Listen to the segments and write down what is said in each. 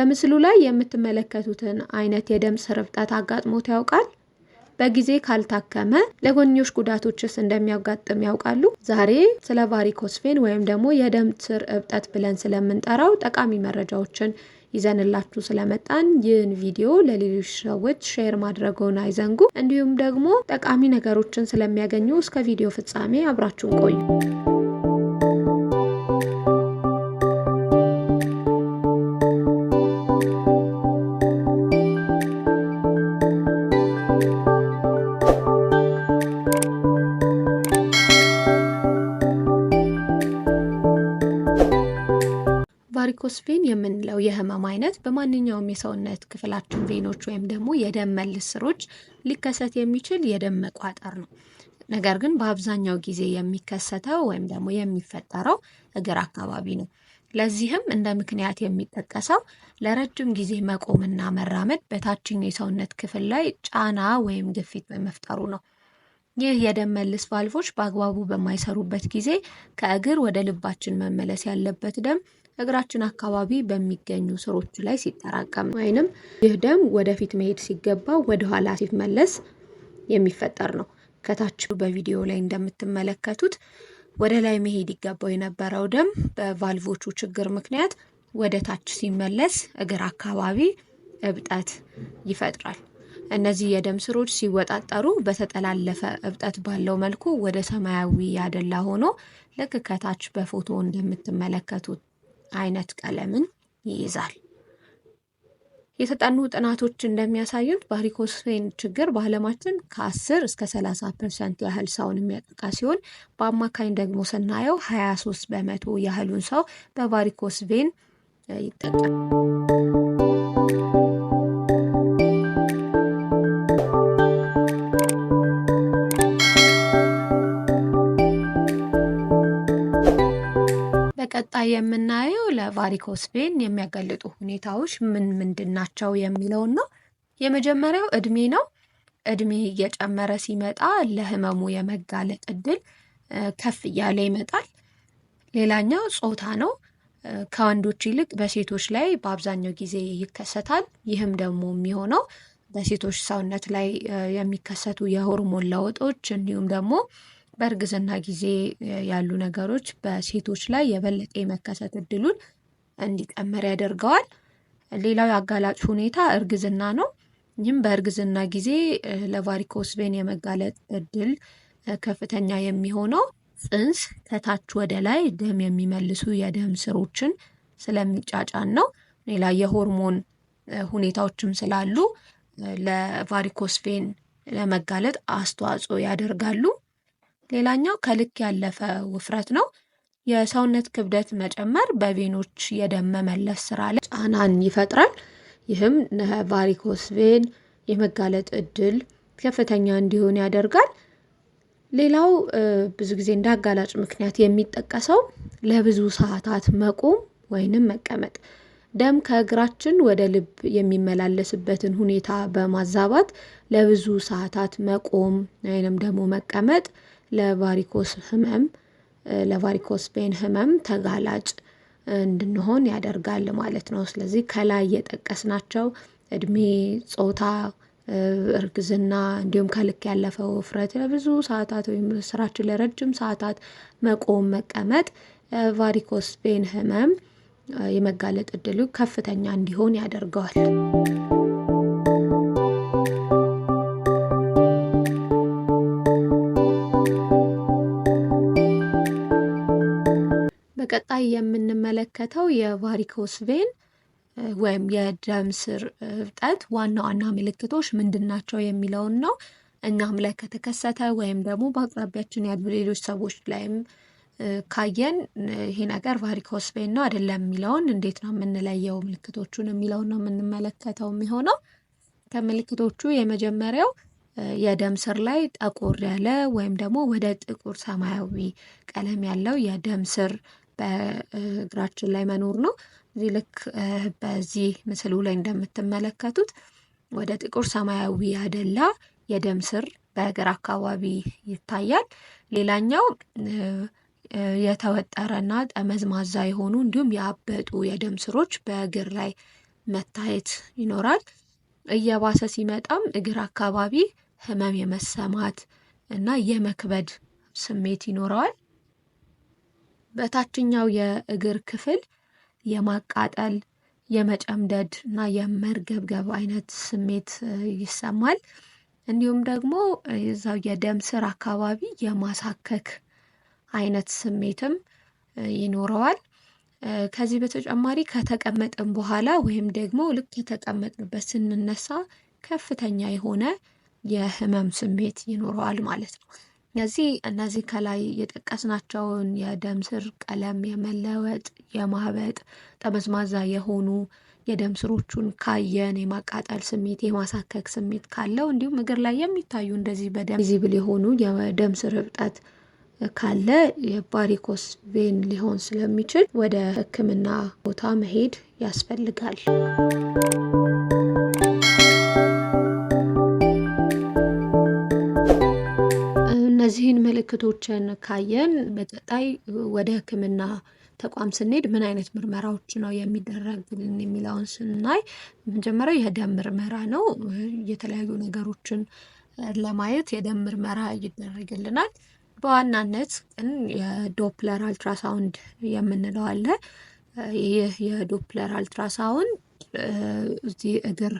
በምስሉ ላይ የምትመለከቱትን አይነት የደም ስር እብጠት አጋጥሞት ያውቃል? በጊዜ ካልታከመ ለጎንዮሽ ጉዳቶችስ እንደሚያጋጥም ያውቃሉ? ዛሬ ስለ ቫሪኮስፌን ወይም ደግሞ የደም ስር እብጠት ብለን ስለምንጠራው ጠቃሚ መረጃዎችን ይዘንላችሁ ስለመጣን ይህን ቪዲዮ ለሌሎች ሰዎች ሼር ማድረገውን አይዘንጉ። እንዲሁም ደግሞ ጠቃሚ ነገሮችን ስለሚያገኙ እስከ ቪዲዮ ፍጻሜ አብራችሁን ቆዩ። ቬን የምንለው የህመም አይነት በማንኛውም የሰውነት ክፍላችን ቬኖች ወይም ደግሞ የደም መልስ ስሮች ሊከሰት የሚችል የደም መቋጠር ነው። ነገር ግን በአብዛኛው ጊዜ የሚከሰተው ወይም ደግሞ የሚፈጠረው እግር አካባቢ ነው። ለዚህም እንደ ምክንያት የሚጠቀሰው ለረጅም ጊዜ መቆምና መራመድ በታችኛው የሰውነት ክፍል ላይ ጫና ወይም ግፊት በመፍጠሩ ነው። ይህ የደም መልስ ቫልቮች በአግባቡ በማይሰሩበት ጊዜ ከእግር ወደ ልባችን መመለስ ያለበት ደም እግራችን አካባቢ በሚገኙ ስሮች ላይ ሲጠራቀም ወይንም ይህ ደም ወደፊት መሄድ ሲገባ ወደኋላ ሲመለስ የሚፈጠር ነው። ከታች በቪዲዮ ላይ እንደምትመለከቱት ወደ ላይ መሄድ ይገባው የነበረው ደም በቫልቮቹ ችግር ምክንያት ወደ ታች ሲመለስ እግር አካባቢ እብጠት ይፈጥራል። እነዚህ የደም ስሮች ሲወጣጠሩ በተጠላለፈ እብጠት ባለው መልኩ ወደ ሰማያዊ ያደላ ሆኖ ልክ ከታች በፎቶ እንደምትመለከቱት አይነት ቀለምን ይይዛል። የተጠኑ ጥናቶች እንደሚያሳዩት ባሪኮስፌን ችግር በዓለማችን ከ10 እስከ 30 ፐርሰንት ያህል ሰውን የሚያጠቃ ሲሆን በአማካኝ ደግሞ ስናየው 23 በመቶ ያህሉን ሰው በቫሪኮስቬን ይጠቃል። ቀጣይ የምናየው ለቫሪኮስ ቬን የሚያጋልጡ ሁኔታዎች ምን ምንድን ናቸው የሚለውን ነው። የመጀመሪያው እድሜ ነው። እድሜ እየጨመረ ሲመጣ ለህመሙ የመጋለጥ እድል ከፍ እያለ ይመጣል። ሌላኛው ጾታ ነው። ከወንዶች ይልቅ በሴቶች ላይ በአብዛኛው ጊዜ ይከሰታል። ይህም ደግሞ የሚሆነው በሴቶች ሰውነት ላይ የሚከሰቱ የሆርሞን ለውጦች እንዲሁም ደግሞ በእርግዝና ጊዜ ያሉ ነገሮች በሴቶች ላይ የበለጠ የመከሰት እድሉን እንዲጨምር ያደርገዋል። ሌላው የአጋላጭ ሁኔታ እርግዝና ነው። ይህም በእርግዝና ጊዜ ለቫሪኮስ ቬን የመጋለጥ እድል ከፍተኛ የሚሆነው ጽንስ ከታች ወደ ላይ ደም የሚመልሱ የደም ስሮችን ስለሚጫጫን ነው። ሌላ የሆርሞን ሁኔታዎችም ስላሉ ለቫሪኮስ ቬን ለመጋለጥ አስተዋጽኦ ያደርጋሉ። ሌላኛው ከልክ ያለፈ ውፍረት ነው። የሰውነት ክብደት መጨመር በቬኖች የደም መመለስ ስራ ላይ ጫናን ይፈጥራል። ይህም ቫሪኮስ ቬን የመጋለጥ እድል ከፍተኛ እንዲሆን ያደርጋል። ሌላው ብዙ ጊዜ እንደ አጋላጭ ምክንያት የሚጠቀሰው ለብዙ ሰዓታት መቆም ወይንም መቀመጥ፣ ደም ከእግራችን ወደ ልብ የሚመላለስበትን ሁኔታ በማዛባት ለብዙ ሰዓታት መቆም ወይንም ደግሞ መቀመጥ ለቫሪኮስ ህመም ለቫሪኮስ ቬን ህመም ተጋላጭ እንድንሆን ያደርጋል ማለት ነው። ስለዚህ ከላይ የጠቀስናቸው እድሜ፣ ጾታ፣ እርግዝና እንዲሁም ከልክ ያለፈው ውፍረት ለብዙ ሰዓታት ወይም ስራችን ለረጅም ሰዓታት መቆም መቀመጥ ቫሪኮስ ቬን ህመም የመጋለጥ እድሉ ከፍተኛ እንዲሆን ያደርገዋል። ቀጣይ የምንመለከተው የቫሪኮስ ቬን ወይም የደም ስር እብጠት ዋና ዋና ምልክቶች ምንድን ናቸው የሚለውን ነው። እኛም ላይ ከተከሰተ ወይም ደግሞ በአቅራቢያችን ያሉ ሌሎች ሰዎች ላይም ካየን ይሄ ነገር ቫሪኮስ ቬን ነው አይደለም የሚለውን እንዴት ነው የምንለየው ምልክቶቹን የሚለውን ነው የምንመለከተው የሚሆነው። ከምልክቶቹ የመጀመሪያው የደም ስር ላይ ጠቆር ያለ ወይም ደግሞ ወደ ጥቁር ሰማያዊ ቀለም ያለው የደም ስር በእግራችን ላይ መኖር ነው። እዚህ ልክ በዚህ ምስሉ ላይ እንደምትመለከቱት ወደ ጥቁር ሰማያዊ ያደላ የደም ስር በእግር አካባቢ ይታያል። ሌላኛው የተወጠረና ጠመዝማዛ የሆኑ እንዲሁም ያበጡ የደም ስሮች በእግር ላይ መታየት ይኖራል። እየባሰ ሲመጣም እግር አካባቢ ህመም የመሰማት እና የመክበድ ስሜት ይኖረዋል። በታችኛው የእግር ክፍል የማቃጠል የመጨምደድ እና የመርገብገብ አይነት ስሜት ይሰማል። እንዲሁም ደግሞ የዛው የደም ስር አካባቢ የማሳከክ አይነት ስሜትም ይኖረዋል። ከዚህ በተጨማሪ ከተቀመጥን በኋላ ወይም ደግሞ ልክ የተቀመጥንበት ስንነሳ ከፍተኛ የሆነ የህመም ስሜት ይኖረዋል ማለት ነው። እነዚህ እነዚህ ከላይ የጠቀስናቸውን የደም ስር ቀለም የመለወጥ የማበጥ ጠመዝማዛ የሆኑ የደም ስሮቹን ካየን የማቃጠል ስሜት የማሳከክ ስሜት ካለው እንዲሁም እግር ላይ የሚታዩ እንደዚህ በደም ቪዚብል የሆኑ የደም ስር እብጠት ካለ የባሪኮስ ቬን ሊሆን ስለሚችል ወደ ሕክምና ቦታ መሄድ ያስፈልጋል። ምልክቶችን ካየን በቀጣይ ወደ ህክምና ተቋም ስንሄድ ምን አይነት ምርመራዎች ነው የሚደረግልን የሚለውን ስናይ መጀመሪያ የደም ምርመራ ነው። የተለያዩ ነገሮችን ለማየት የደም ምርመራ ይደረግልናል። በዋናነት ግን የዶፕለር አልትራሳውንድ የምንለው አለ። ይህ የዶፕለር አልትራሳውንድ እዚህ እግር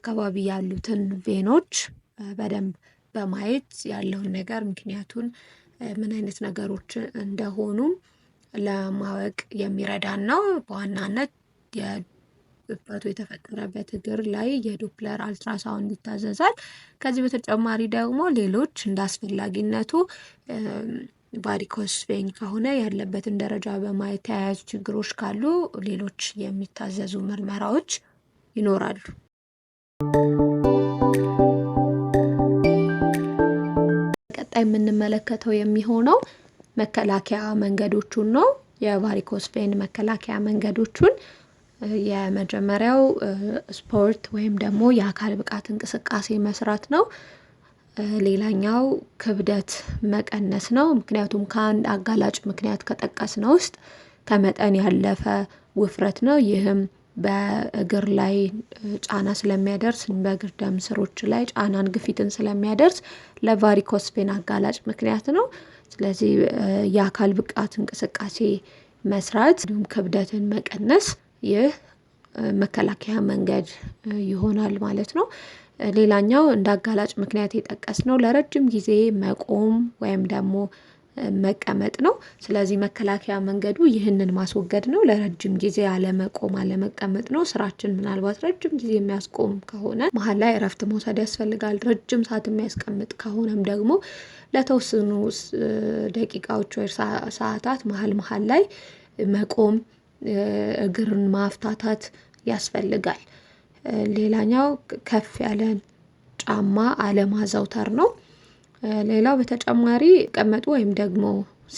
አካባቢ ያሉትን ቬኖች በደንብ በማየት ያለውን ነገር ምክንያቱን ምን አይነት ነገሮች እንደሆኑ ለማወቅ የሚረዳን ነው። በዋናነት የእጥበቱ የተፈጠረበት እግር ላይ የዶፕለር አልትራሳውንድ ይታዘዛል። ከዚህ በተጨማሪ ደግሞ ሌሎች እንደ አስፈላጊነቱ ቫሪኮስ ቬን ከሆነ ያለበትን ደረጃ በማየት ተያያዙ ችግሮች ካሉ ሌሎች የሚታዘዙ ምርመራዎች ይኖራሉ። በቀጣይ የምንመለከተው የሚሆነው መከላከያ መንገዶቹን ነው። የቫሪኮስ ቬን መከላከያ መንገዶቹን የመጀመሪያው ስፖርት ወይም ደግሞ የአካል ብቃት እንቅስቃሴ መስራት ነው። ሌላኛው ክብደት መቀነስ ነው። ምክንያቱም ከአንድ አጋላጭ ምክንያት ከጠቀስነው ውስጥ ከመጠን ያለፈ ውፍረት ነው። ይህም በእግር ላይ ጫና ስለሚያደርስ በእግር ደም ስሮች ላይ ጫናን፣ ግፊትን ስለሚያደርስ ለቫሪኮስ ቬን አጋላጭ ምክንያት ነው። ስለዚህ የአካል ብቃት እንቅስቃሴ መስራት እንዲሁም ክብደትን መቀነስ ይህ መከላከያ መንገድ ይሆናል ማለት ነው። ሌላኛው እንደ አጋላጭ ምክንያት ነው ለረጅም ጊዜ መቆም ወይም ደግሞ መቀመጥ ነው። ስለዚህ መከላከያ መንገዱ ይህንን ማስወገድ ነው። ለረጅም ጊዜ አለመቆም አለመቀመጥ ነው። ስራችን ምናልባት ረጅም ጊዜ የሚያስቆም ከሆነ መሀል ላይ እረፍት መውሰድ ያስፈልጋል። ረጅም ሰዓት የሚያስቀምጥ ከሆነም ደግሞ ለተወሰኑ ደቂቃዎች ወይ ሰዓታት መሀል መሀል ላይ መቆም፣ እግርን ማፍታታት ያስፈልጋል። ሌላኛው ከፍ ያለ ጫማ አለማዘውተር ነው። ሌላው በተጨማሪ ቀመጡ ወይም ደግሞ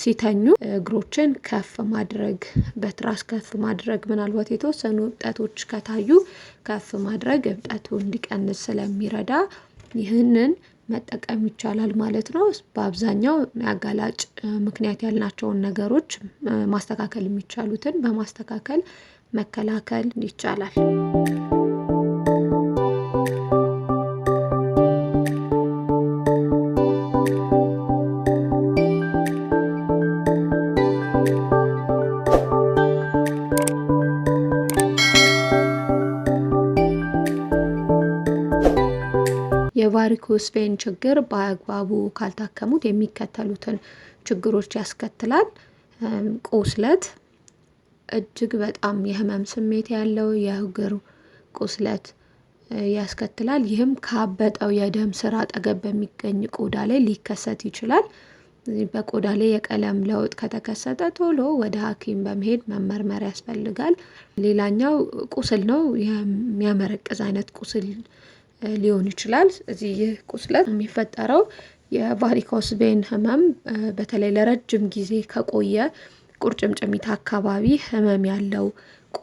ሲተኙ እግሮችን ከፍ ማድረግ በትራስ ከፍ ማድረግ ምናልባት የተወሰኑ እብጠቶች ከታዩ ከፍ ማድረግ እብጠቱ እንዲቀንስ ስለሚረዳ ይህንን መጠቀም ይቻላል ማለት ነው። በአብዛኛው አጋላጭ ምክንያት ያልናቸውን ነገሮች ማስተካከል የሚቻሉትን በማስተካከል መከላከል ይቻላል። የወስፌን ችግር በአግባቡ ካልታከሙት የሚከተሉትን ችግሮች ያስከትላል። ቁስለት፣ እጅግ በጣም የህመም ስሜት ያለው የእግር ቁስለት ያስከትላል። ይህም ካበጠው የደም ስር አጠገብ በሚገኝ ቆዳ ላይ ሊከሰት ይችላል። በቆዳ ላይ የቀለም ለውጥ ከተከሰተ ቶሎ ወደ ሐኪም በመሄድ መመርመር ያስፈልጋል። ሌላኛው ቁስል ነው። የሚያመረቅዝ አይነት ቁስል ሊሆን ይችላል። እዚህ ይህ ቁስለት የሚፈጠረው የቫሪኮስ ቬን ህመም በተለይ ለረጅም ጊዜ ከቆየ ቁርጭምጭሚት አካባቢ ህመም ያለው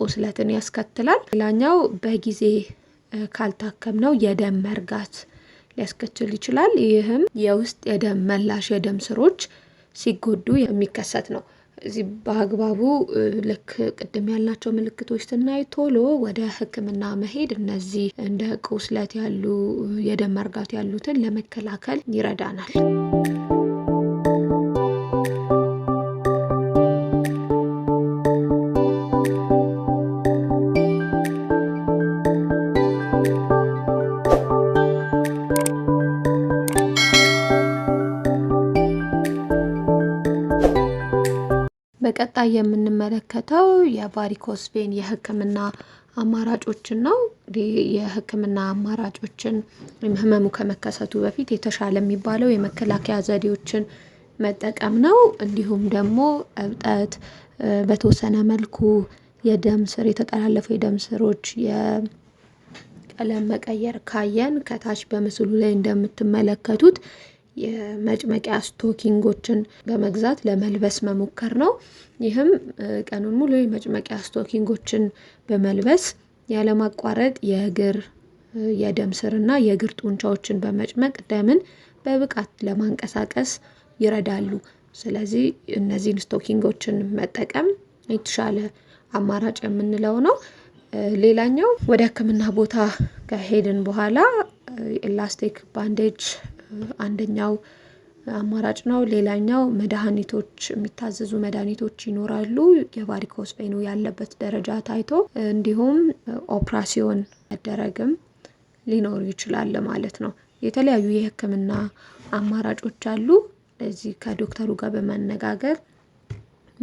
ቁስለትን ያስከትላል። ሌላኛው በጊዜ ነው የደም መርጋት ሊያስከትል ይችላል። ይህም የውስጥ የደም መላሽ የደም ስሮች ሲጎዱ የሚከሰት ነው። እዚህ በአግባቡ ልክ ቅድም ያልናቸው ምልክቶች ስናይ ቶሎ ወደ ሕክምና መሄድ እነዚህ እንደ ቁስለት ያሉ የደም መርጋት ያሉትን ለመከላከል ይረዳናል። ቀጣይ የምንመለከተው የቫሪኮስ ቬን የህክምና አማራጮችን ነው። የህክምና አማራጮችን ወይም ህመሙ ከመከሰቱ በፊት የተሻለ የሚባለው የመከላከያ ዘዴዎችን መጠቀም ነው። እንዲሁም ደግሞ እብጠት፣ በተወሰነ መልኩ የደም ስር የተጠላለፉ የደም ስሮች የቀለም መቀየር ካየን ከታች በምስሉ ላይ እንደምትመለከቱት የመጭመቂያ ስቶኪንጎችን በመግዛት ለመልበስ መሞከር ነው። ይህም ቀኑን ሙሉ የመጭመቂያ ስቶኪንጎችን በመልበስ ያለማቋረጥ የእግር የደም ስርና የእግር ጡንቻዎችን በመጭመቅ ደምን በብቃት ለማንቀሳቀስ ይረዳሉ። ስለዚህ እነዚህን ስቶኪንጎችን መጠቀም የተሻለ አማራጭ የምንለው ነው። ሌላኛው ወደ ሕክምና ቦታ ከሄድን በኋላ ኤላስቲክ ባንዴጅ አንደኛው አማራጭ ነው። ሌላኛው መድኃኒቶች የሚታዘዙ መድኃኒቶች ይኖራሉ። የቫሪኮስ ቬኑ ያለበት ደረጃ ታይቶ እንዲሁም ኦፕራሲዮን መደረግም ሊኖሩ ይችላል ማለት ነው። የተለያዩ የህክምና አማራጮች አሉ። እዚህ ከዶክተሩ ጋር በመነጋገር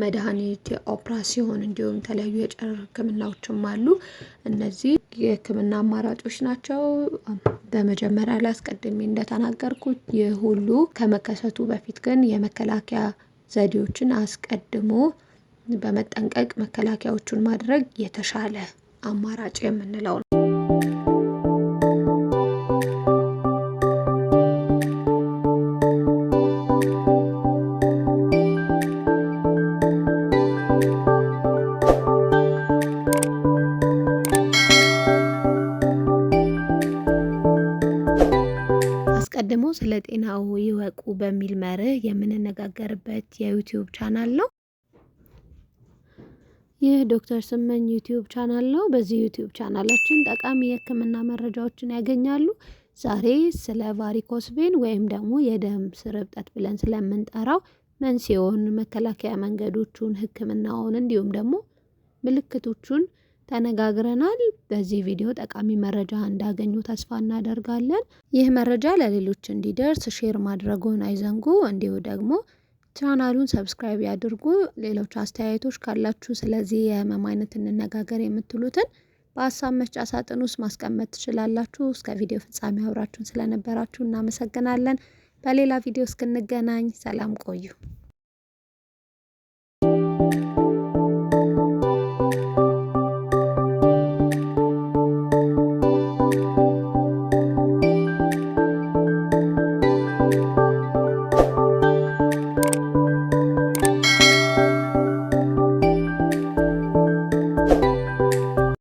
መድኃኒት፣ የኦፕራሲዮን እንዲሁም የተለያዩ የጨረር ህክምናዎችም አሉ። እነዚህ የህክምና አማራጮች ናቸው። በመጀመሪያ ላይ አስቀድሜ እንደተናገርኩት ይህ ሁሉ ከመከሰቱ በፊት ግን የመከላከያ ዘዴዎችን አስቀድሞ በመጠንቀቅ መከላከያዎቹን ማድረግ የተሻለ አማራጭ የምንለው ነው። ስለ ጤናው ይወቁ በሚል መርህ የምንነጋገርበት የዩቲዩብ ቻናል ነው። ይህ ዶክተር ስመኝ ዩቲዩብ ቻናል ነው። በዚህ ዩቲዩብ ቻናላችን ጠቃሚ የሕክምና መረጃዎችን ያገኛሉ። ዛሬ ስለ ቫሪኮስ ቬን ወይም ደግሞ የደም ስር እብጠት ብለን ስለምንጠራው መንስኤውን፣ መከላከያ መንገዶቹን፣ ሕክምናውን እንዲሁም ደግሞ ምልክቶቹን ተነጋግረናል። በዚህ ቪዲዮ ጠቃሚ መረጃ እንዳገኙ ተስፋ እናደርጋለን። ይህ መረጃ ለሌሎች እንዲደርስ ሼር ማድረጉን አይዘንጉ። እንዲሁ ደግሞ ቻናሉን ሰብስክራይብ ያድርጉ። ሌሎች አስተያየቶች ካላችሁ ስለዚህ የህመም አይነት እንነጋገር የምትሉትን በሀሳብ መስጫ ሳጥን ውስጥ ማስቀመጥ ትችላላችሁ። እስከ ቪዲዮ ፍጻሜ አብራችሁን ስለነበራችሁ እናመሰግናለን። በሌላ ቪዲዮ እስክንገናኝ ሰላም ቆዩ።